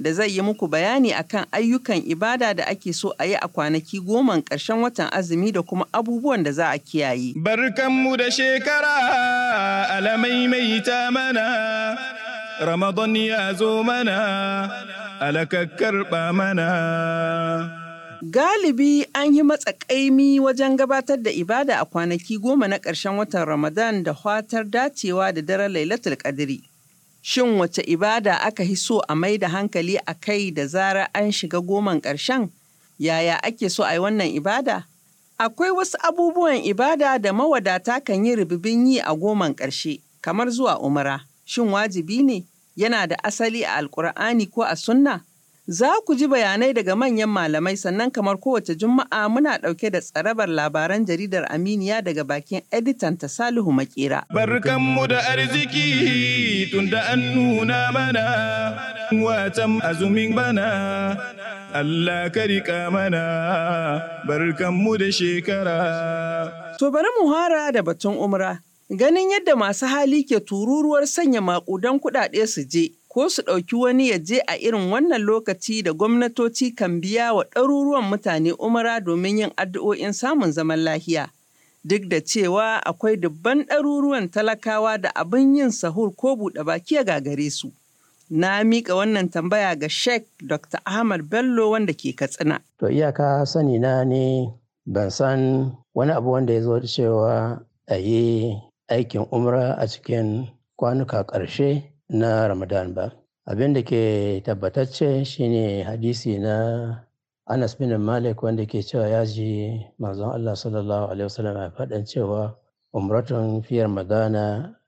da zai yi muku bayani akan ayyukan ibada da ake so a yi a kwanaki goma ƙarshen watan azumi da kuma abubuwan da za a kiyaye. Barkanmu da shekara alamai mai ta mana, Ramadan ya zo mana, alakakkarɓa mana. Galibi an yi matsakaimi wajen gabatar da ibada a kwanaki goma na ƙarshen watan Ramadan da fatar dacewa da daren Lailatul Qadri. Shin wace ibada aka hi so a mai da hankali a kai da zarar an shiga goman ƙarshen? Yaya ake so a yi wannan ibada? Akwai wasu abubuwan ibada da mawadata kan yi rububin yi a goman ƙarshe, kamar zuwa umara. Shin wajibi ne? Yana da asali a Alƙur'ani ko a sunna? Za ku ji bayanai daga manyan malamai sannan kamar kowace juma'a muna ɗauke da tsarabar labaran jaridar Aminiya daga bakin editan ta Salihu Makera. Barkanmu da arziki tunda an nuna mana watan azumin bana Allah ka mana barkanmu da shekara. To bari mu hara da batun umra. Ganin yadda masu hali ke tururuwar sanya maƙudan kuɗaɗe su je, ko su ɗauki wani ya je a irin wannan lokaci da gwamnatoci kan biya wa ɗaruruwan mutane umara domin yin addu'o'in samun zaman lahiya. Duk da cewa akwai dubban ɗaruruwan talakawa da abin yin sahur ko buɗe baki ya gagare su. Na miƙa wannan tambaya ga Sheikh Dr. Ahmad Bello wanda ke Katsina. To iyaka sani na ne ban san wani abu wanda ya zo cewa a yi aikin umra a cikin kwanuka ƙarshe na Ramadan ba. Abin da ke tabbatacce shine hadisi na Anas bin Malik wanda ke cewa ya ji manzon Allah sallallahu alaihi wasallam a faɗan cewa umratun fi Ramadan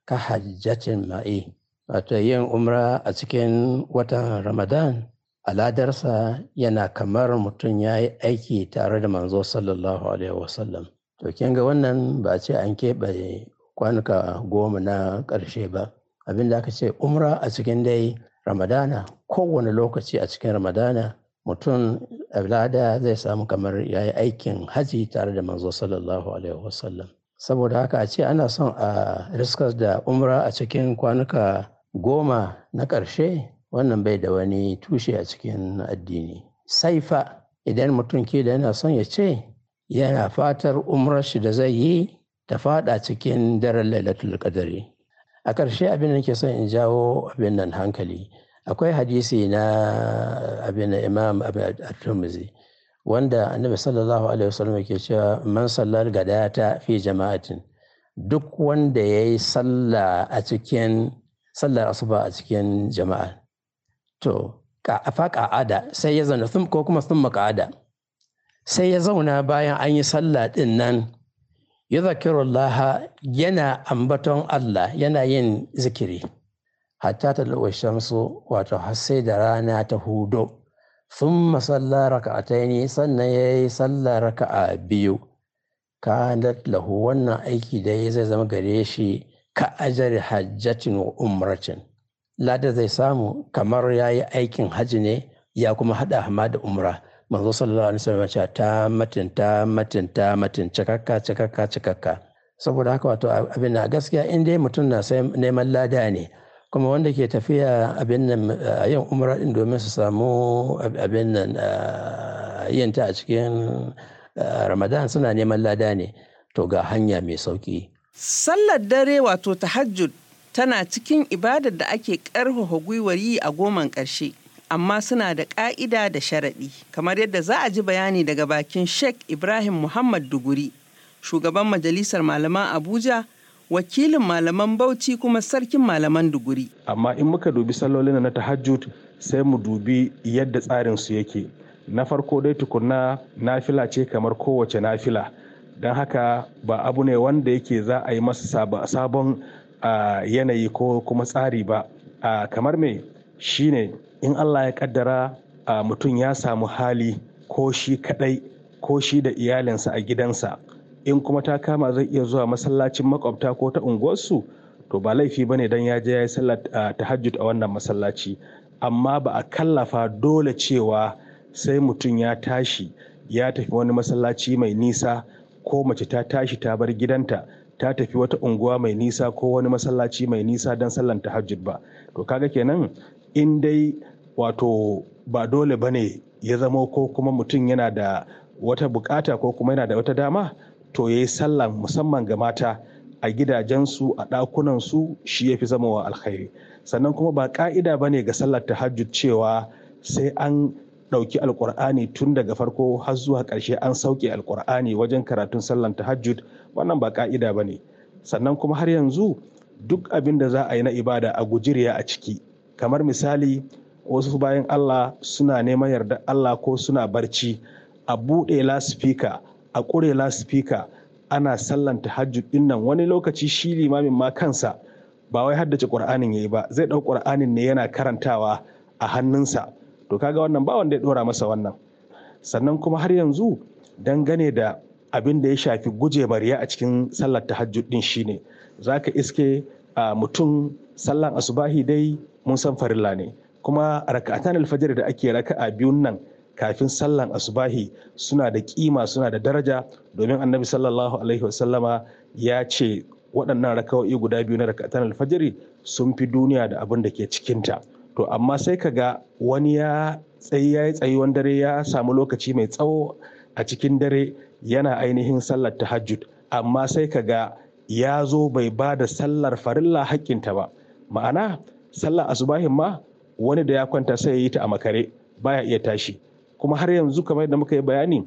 ka hajjatin ma'i. Wato yin umra a cikin watan Ramadan aladarsa yana kamar mutum ya yi aiki tare da manzo sallallahu alaihi wasallam. To kin ga wannan ba ce an keɓe kwanuka goma na ƙarshe ba. abin da aka ce umra a cikin dai ramadana kowane lokaci a cikin ramadana mutum al'ada zai samu kamar ya yi aikin haji tare da manzo sallallahu alaihi wasallam saboda haka a ce ana son a riskas da umra a cikin kwanuka goma na ƙarshe wannan bai da wani tushe a cikin addini saifa idan mutum ke da yana son ya ce yana fatar umrar shi da zai yi ta faɗa cikin daren lailatul qadari a ƙarshe abin da nake son in jawo abin nan hankali akwai hadisi na abin na imam at-tirmidhi wanda annabi sallallahu alaihi wasallam yake cewa man sallar gadata fi jama'atin duk wanda yayi sallah a cikin sallar asuba a cikin jama'a to ka afa ka'ada sai ya zauna ko kuma sun ka'ada sai ya zauna bayan an yi sallah din nan yadhkurullah yana ambaton Allah yana yin zikiri hatta talwa shamsu wato har sai da rana ta hudo thumma salla raka'ataini sannan yayi salla raka'a biyu kanat lahu wannan aiki da ya zai zama gare shi ka ajar hajjatin wa umratin lada zai samu kamar ya yi aikin hajji ne ya kuma haɗa hama da umra manzo sallallahu alaihi wasallam cewa ta matinta matinta matin ta cikakka saboda haka wato abin na gaskiya in dai mutum na sai neman lada ne kuma wanda ke tafiya abin nan yin umra din domin su samu abin nan yin ta a cikin ramadan suna neman lada ne to ga hanya mai sauki sallar dare wato tahajjud tana cikin ibadar da ake ƙarfafa gwiwar yi a goman ƙarshe amma suna da ƙa'ida da sharaɗi kamar yadda za a ji bayani daga bakin sheikh ibrahim muhammad duguri shugaban majalisar malaman abuja wakilin malaman bauchi kuma sarkin malaman duguri amma in muka dubi sallolin na tahajjud sai mu dubi yadda tsarin su yake na farko dai tukunna nafila ce kamar kowace nafila don haka ba abu ne wanda yake za a yi masa sabon ah, yanayi ko kuma tsari ba ah, kamar me shine in Allah ya kaddara a mutum ya samu hali ko shi kadai ko shi da iyalinsa a gidansa in kuma ta kama zai iya zuwa masallacin makwabta ko ta unguwarsu to ba laifi ba ne dan ya je ya yi sallar a wannan masallaci amma ba a kallafa dole cewa sai mutum ya tashi ya tafi wani masallaci mai nisa ko mace ta tashi ta bar gidanta ta tafi wata unguwa mai nisa ko wani masallaci mai nisa don sallan tahajjud ba to kaga kenan in dai wato ba dole ba ne ya zamo ko kuma mutum yana da wata bukata ko kuma yana da wata dama to ya yi sallan musamman ga mata a gidajensu a ɗakunansu shi ya fi zama wa alkhairi sannan kuma ba ƙa'ida ba ne ga sallar tahajjud cewa sai an ɗauki Alƙur'ani tun daga farko har zuwa ƙarshe an sauke alkur'ani wajen karatun sallar tahajjud wannan ba ƙa'ida ba ne sannan kuma har yanzu duk abin da za a yi na ibada a gujiriya a ciki kamar misali wasu bayan Allah suna neman yarda Allah ko suna barci a buɗe lasifika a ƙure lasifika ana sallanta tahajjud ɗin nan wani lokaci shi limamin ma kansa ba wai haddace ƙur'anin yayi ba zai ɗau ƙur'anin ne yana karantawa a hannunsa to kaga wannan ba wanda ya ɗora masa wannan sannan kuma har yanzu dangane da abin da ya shafi guje bariya a cikin sallar tahajjud ɗin shine zaka iske mutum sallan asubahi dai mun san farilla ne kuma rakatan alfajr da ake raka'a biyun nan kafin sallan asubahi suna da kima suna da daraja domin annabi sallallahu alaihi wasallama ya ce waɗannan raka'o'i guda biyu na rakatan alfajiri sun fi duniya da abin da ke cikinta to amma sai ka ga wani ya tsayi ya yi tsayuwan dare ya samu lokaci mai tsawo a cikin dare yana ainihin sallar tahajjud amma sai ka ga ya zo bai ba da sallar farilla hakkinta ba ma'ana sallar asubahin ma wani da ya kwanta sai ya yi ta a makare baya iya tashi kuma har yanzu kamar da muka yi bayani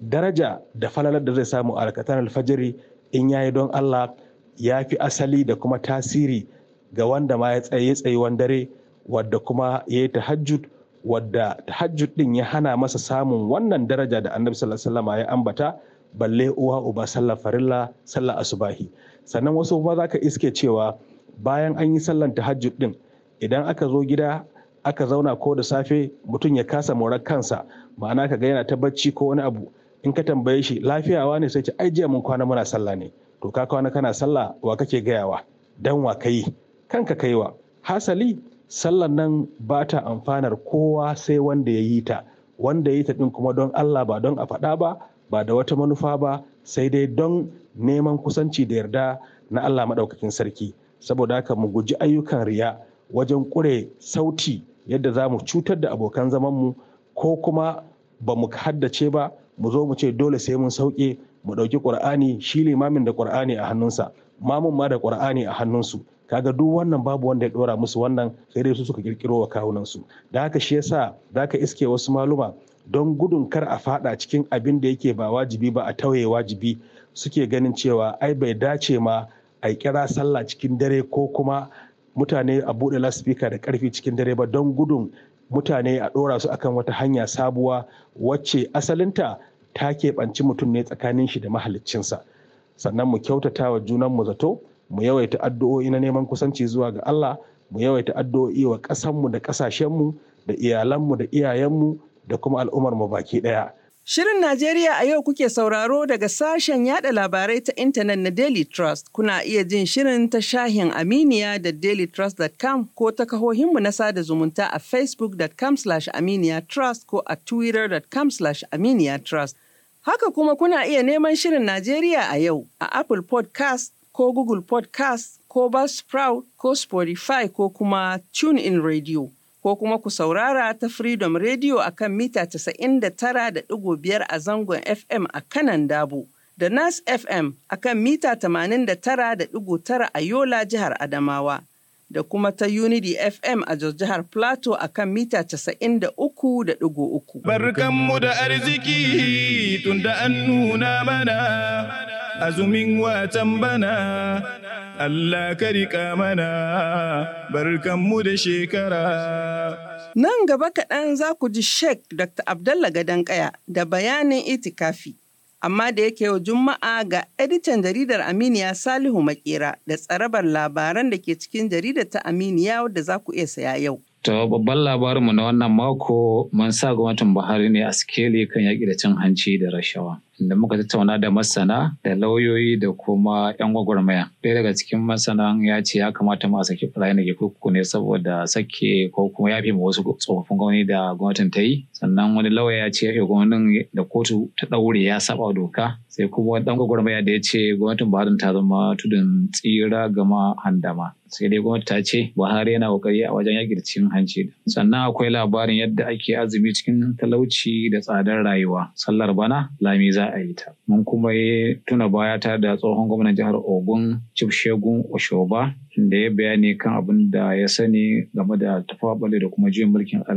daraja da falalar da zai samu a rakatan alfajiri in yayi don Allah ya fi asali da kuma tasiri ga wanda ma ya tsaye tsayuwan dare wadda kuma ya yi tahajjud wadda tahajjud din ya hana masa samun wannan daraja da annabi sallallahu alaihi wasallam ya ambata balle uwa uba sallar farilla sallar asubahi sannan wasu kuma zaka iske cewa bayan an yi sallan tahajjud din idan aka zo gida aka zauna ko da safe mutum ya kasa morar kansa ma'ana ka ga yana ta bacci ko wani abu in ka tambaye shi lafiyawa ne sai ce ai jiya mun kwana muna sallah ne to ka kwana kana sallah wa kake gayawa dan wa kai kanka kaiwa hasali sallan nan ba ta amfanar kowa sai wanda ya yi ta wanda ya yi ta din kuma don Allah ba don a faɗa ba ba da wata manufa ba sai dai don neman kusanci da yarda na Allah maɗaukakin sarki saboda haka mu guji ayyukan riya wajen ƙure sauti yadda za mu cutar da abokan zamanmu ko kuma ba mu haddace ba mu zo mu ce dole sai mun sauke mu ɗauki ƙur'ani shi limamin da ƙur'ani a hannunsa mamun ma da ƙur'ani a hannunsu kaga duk wannan babu wanda ya ɗora musu wannan sai dai su suka ƙirƙiro wa kawunansu da haka shi yasa ka iske wasu maluma don gudun kar a faɗa cikin abin da yake ba wajibi ba a tauye wajibi suke ganin cewa ai bai dace ma a kira sallah cikin dare ko kuma mutane a buɗe laspika da ƙarfi cikin dare ba don gudun mutane a ɗora su akan wata hanya sabuwa wacce asalinta ta keɓanci mutum ne tsakanin shi da mahaliccinsa sannan mu kyautata wa junan mu zato mu yawaita addu'o'i na neman kusanci zuwa ga Allah mu yawaita addu'o'i wa ƙasanmu da ƙasashenmu da iyalanmu da iyayenmu da kuma mu baki ɗaya Shirin Najeriya a yau kuke sauraro daga sashen yada labarai ta intanet na Daily Trust. Kuna iya jin shirin ta shahin Aminiya da dailytrust.com ko ta kahohinmu na sada zumunta a facebookcom aminiyatrust ko a twittercom aminiyatrust. Haka kuma kuna iya neman shirin Najeriya a yau a Apple Podcast ko Google Podcast ko Buzzsprout ko Spotify ko kuma in Radio. ko kuma ku saurara ta Freedom Radio a kan mita 99.5 a zangon FM a kanan Dabo, da Nas FM a kan mita 89.9 a Yola jihar Adamawa, da kuma ta Unity FM a jihar Plateau a kan mita 93.3. Barkanmu da arziki tunda an nuna mana, azumin watan bana. Allah ka riƙa mana barkanmu da shekara. Nan gaba kaɗan za ku ji Sheik Dr. Abdallah Kaya da bayanin itikafi. Amma da yake yau Juma'a ga editan jaridar Aminiya Salihu Makera da tsarabar labaran da ke cikin jaridar ta Aminiya wadda za ku iya saya yau. To babban labarinmu na wannan mako mun sa gwamnatin Buhari ne a sikeli kan yaƙi da cin hanci da rashawa. da muka tattauna da masana da lauyoyi da kuma 'yan gwagwarmaya. Ɗaya daga cikin masana ya ce ya kamata ma a saki fulani da ke kurkuku ne saboda sake ko kuma ya ma wasu tsofaffin gwamnati da gwamnatin ta yi. Sannan wani lauya ya ce fi gwamnatin da kotu ta ɗaure ya saba doka. Sai kuma wani ɗan gwagwarmaya da ya ce gwamnatin Buhari ta zama tudun tsira gama handama. sai dai gwamnati ta ce buhari yana kokari a wajen yakin cin hanci sannan akwai labarin yadda ake azumi cikin talauci da tsadar rayuwa sallar bana lami za a yi ta mun kuma tuna baya ta da tsohon gwamnan jihar ogun chief shegun oshoba da ya bayani kan abin da ya sani game da tafabale da kuma juyin mulkin da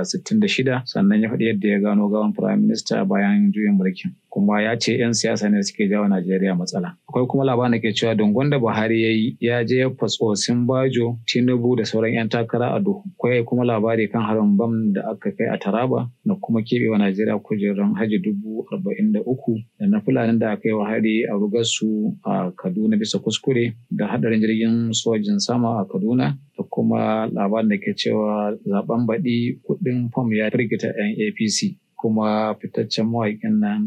1966 sannan ya faɗi yadda ya gano gawan firayim minista bayan juyin mulkin kuma ya ce 'yan siyasa ne suke jawo Najeriya matsala. Akwai kuma labarin da ke cewa dungon da Buhari ya yi ya je fatsosin Bajo, Tinubu da sauran 'yan takara a duhu. Akwai kuma labari kan harin bam da aka kai a Taraba da kuma keɓewa Najeriya kujerun haji dubu arba'in da uku da na Fulani da aka yi wa hari a rugarsu a Kaduna bisa kuskure da haɗarin jirgin sojin sama a Kaduna da kuma labarin da ke cewa zaben baɗi kuɗin fam ya firgita 'yan APC. kuma fitaccen mawaƙin nan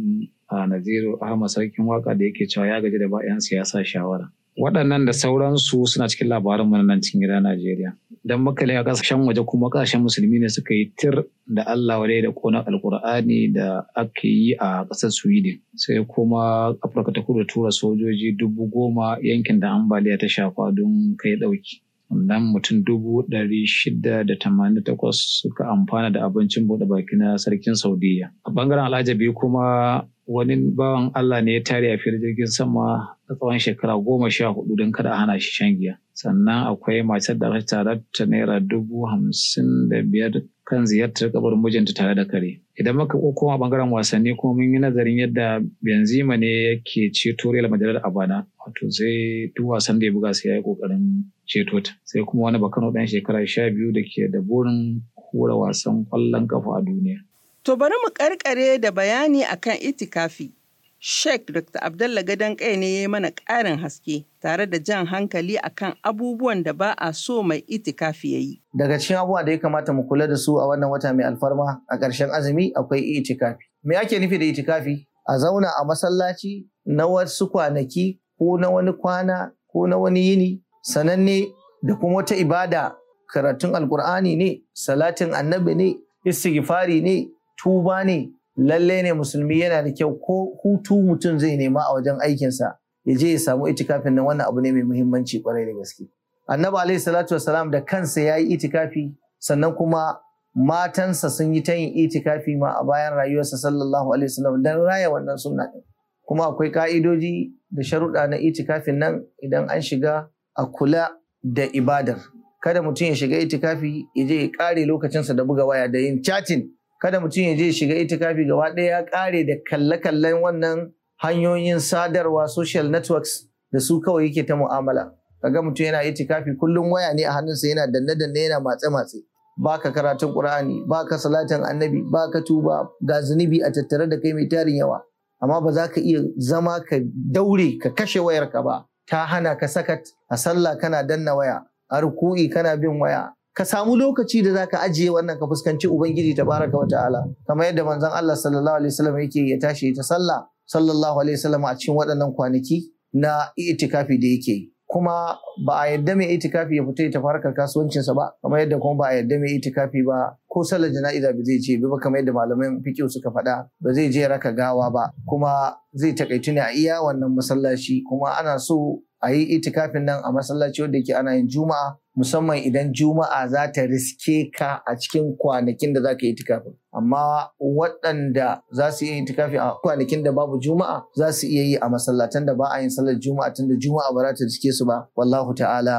a Naziru Ahmad Sarkin Waka da yake cewa ya gaji da ba'yan siyasa shawara. Waɗannan da sauransu suna cikin labarin mana nan cikin gida Najeriya. Don makale a ƙasashen waje kuma ƙasashen musulmi ne suka yi tir da Allah wadai da ƙonar Alƙur'ani da aka yi a ƙasar Sweden. Sai kuma Afirka ta kudu tura sojoji dubu goma yankin da ambaliya ta shafa don kai ɗauki. nan mutum dubu ɗari shida da tamanin takwas suka amfana da abincin buɗe baki na sarkin saudiya a ɓangaren al'ajabi kuma wani bawan Allah ne ya tare a fili jirgin sama na tsawon shekara goma sha hudu don kada a hana shi shan giya. Sannan akwai matar da ta tare ta naira dubu hamsin da biyar kan ziyartar kabar mijinta tare da kare. Idan muka ko koma bangaren wasanni kuma mun yi nazarin yadda Benzema ne yake ceto Real Madrid a bana. Wato sai duk wasan da ya buga sai ya yi kokarin ceto ta. Sai kuma wani bakano dan shekara sha biyu da ke da burin hura wasan kwallon kafa a duniya. To bari mu karkare da bayani akan itikafi. Sheikh Dr. Abdullah Gadon kai ne ya yi mana ƙarin haske tare da jan hankali akan abubuwan da ba a so mai itikafi ya yi. Daga cikin abubuwa da ya kamata mu kula da su a wannan wata mai alfarma a ƙarshen azumi akwai itikafi. Me ake nufi da itikafi? A zauna a masallaci na wasu kwanaki ko na wani kwana ko na wani yini sananne da kuma wata ibada karatun alkur'ani ne salatin annabi ne istighfari ne tuba ne lalle ne musulmi yana da kyau ko hutu mutum zai nema a wajen aikinsa ya je ya samu itikafin nan wannan abu ne mai muhimmanci kwarai da gaske annabi alaihi salatu salam da kansa ya yi itikafi sannan kuma matansa sun yi ta yin itikafi ma a bayan rayuwarsa sallallahu alaihi wasallam dan raya wannan sunna din kuma akwai ka'idoji da sharuɗa na itikafin nan idan an shiga a kula da ibadar kada mutum ya shiga itikafi ya je ya kare lokacinsa da buga waya da yin chatting kada mutum ya je shiga itikafi gaba ɗaya ya ƙare da kalle-kallen wannan hanyoyin sadarwa social networks da su kawai yake ta mu'amala kaga mutum yana itikafi kullum waya ne a hannunsa yana danne-danne yana matse-matse Ba ka karatun qur'ani ka salatin annabi ba ka tuba ga zunubi a tattare da kai mai tarin yawa amma ba za ka iya zama ka daure ka kashe wayarka ba ta hana ka sakat a sallah kana danna waya a ruku'i kana bin waya ka samu lokaci da zaka ajiye wannan ka fuskanci ubangiji tabaraka wata'ala kamar yadda manzon Allah sallallahu alaihi wasallam yake ya tashi ta sallah sallallahu alaihi wasallam a cikin waɗannan kwanaki na itikafi da yake yi kuma ba a yadda mai itikafi ya fita ya tafi kasuwancin sa ba kamar yadda kuma ba a yadda mai itikafi ba ko sallar jana'iza ba zai je ba kamar yadda malaman fiqh suka faɗa ba zai je raka gawa ba kuma zai takaitu ne a iya wannan masallaci kuma ana so a yi itikafin nan a masallaci wanda yake ana yin juma'a musamman idan juma'a za ta riske ka a cikin kwanakin da za ka yi itikafin amma waɗanda za su iya yin itikafi a kwanakin da babu juma'a za su iya yi a masallatan da ba a yin sallar juma'a tunda juma'a ba za ta riske su ba wallahu ta'ala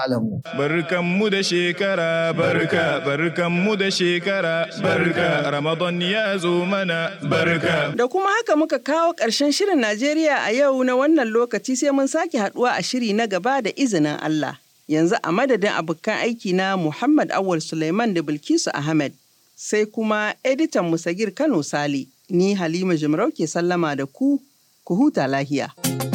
a'lamu barkan mu da shekara barka barkan mu da shekara barka ramadan ya zo mana barka da kuma haka muka kawo ƙarshen shirin Najeriya a yau na wannan lokaci sai mun sake haɗuwa a shiri na gaba da izinin Allah Yanzu a madadin abokan aiki na Muhammad Awal Suleiman da Bilkisu Ahmed sai kuma editan Musagir Kano Sale ni Halima Jimarau ke sallama da ku, ku huta lahiya.